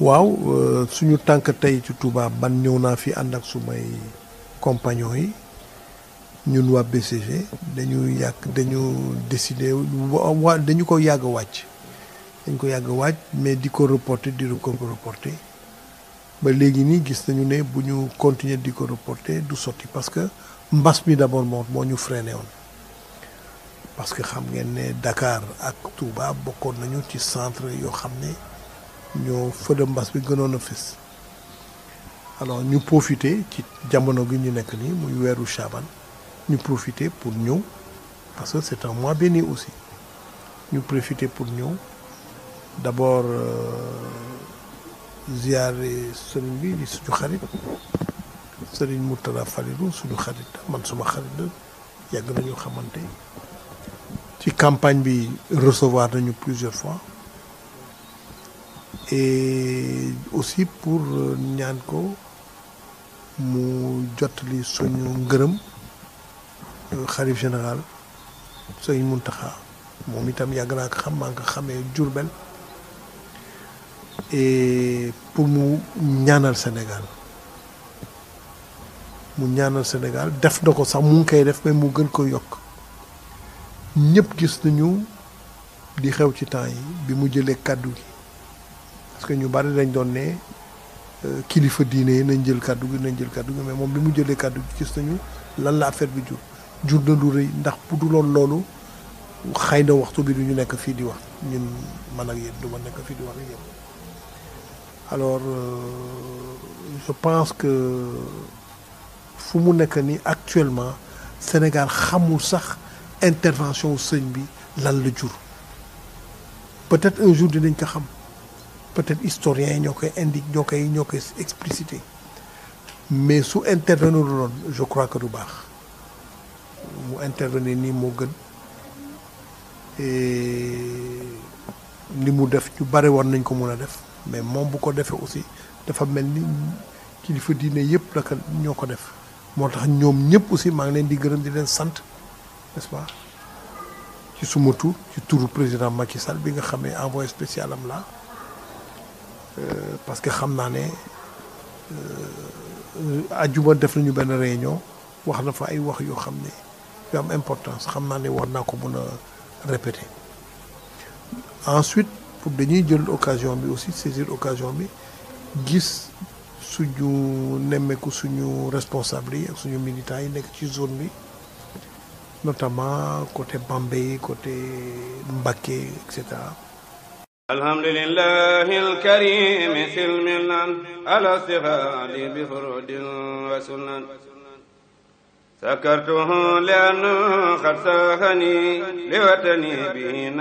waaw euh, suñu tànk tey ci Touba ban ñëw naa fi ànd ak sumay compagnons yi ñun waa BCG dañu yàgg dañu décider wa dañu ko yàgg wàcc dañ ko yàgg a mais di ko reporter di ko reporter ba léegi nii gis nañu ne bu ñu continuer di ko reporter du sotti parce que mbas mi d'abord moom moo ñu freiné woon parce que xam ngeen ne Dakar ak Touba bokkoon nañu ci centre yoo xam ne ñoo fëdda mbas bi gënoon a fës alors ñu profité ci jamono bi ñu nekk nii muy weeru chaban ñu profité pour ñëw parce que c'est un mois béni aussi ñu profité pour ñëw d'abord euh, ziyaare sëriñ bi di suñu xarit sëriñ Mourtada Falilou suñu xarit man suma xarit la yàgg nañu xamante ci campagne bi recevoir nañu plusieurs fois et aussi pour euh, ñaan ko mu jottali suñu ngërëm euh, xalif général sëñ Muntaxa moom itam yàgg naa ko xam maa ngi xamee Jurbel pour mu ñaanal Sénégal mu ñaanal Sénégal def na ko sax mu ngi koy def mais mu gën ko yokk ñëpp gis nañu di xew ci temps yi bi mu jëlee kàddu gi parce que ñu bari dañ doon ne euh, kilifa diine yi nañ jël kàddu gi nañ jël kàddu gi mais moom bi mu jëlee kàddu gi gis nañu lan la affaire bi jur jur na lu rëy ndax bu du loon loolu xëy na waxtu bi du ñu nekk fii di wax ñun man ak yéen du ma nekk fii di wax ak yéen alors euh, je pense que fu mu nekk nii actuellement Sénégal xamul sax intervention sëñ bi lan la jur peut-être un jour dinañ ko xam. peut-être historiens yi ñoo koy indi ñoo koy ñoo koy explicité mais su intervenir loon je crois que du baax mu intervenir nii moo gën li mu def ñu bari war nañ ko mën a def mais moom bu ko defee aussi dafa mel ni kilifa diine yëpp la ñoo ko def moo tax ñoom ñëpp aussi maa ngi leen di gërëm di leen sant n'est-ce ci suma tur ci turu président Macky Sall bi nga xamee envoyé spécial am la Euh, parce que xam naa ne àjjuma euh, def nañu benn réunion wax na fa ay wax yoo xam ne yu am importance xam naa ne war naa ko mun a répéter ensuite pour dañuy jël occasion bi aussi saisir occasion bi gis suñu nemmeeku suñu responsable yi ak suñu militants yi nekk ci zone bi notamment côté Bambey côté Mbacké et cetera. alhamdulillahi alkarimi silmilan ala sihadi bi furudin wa sunan sakartuhu lianu xat sahani liwatani bi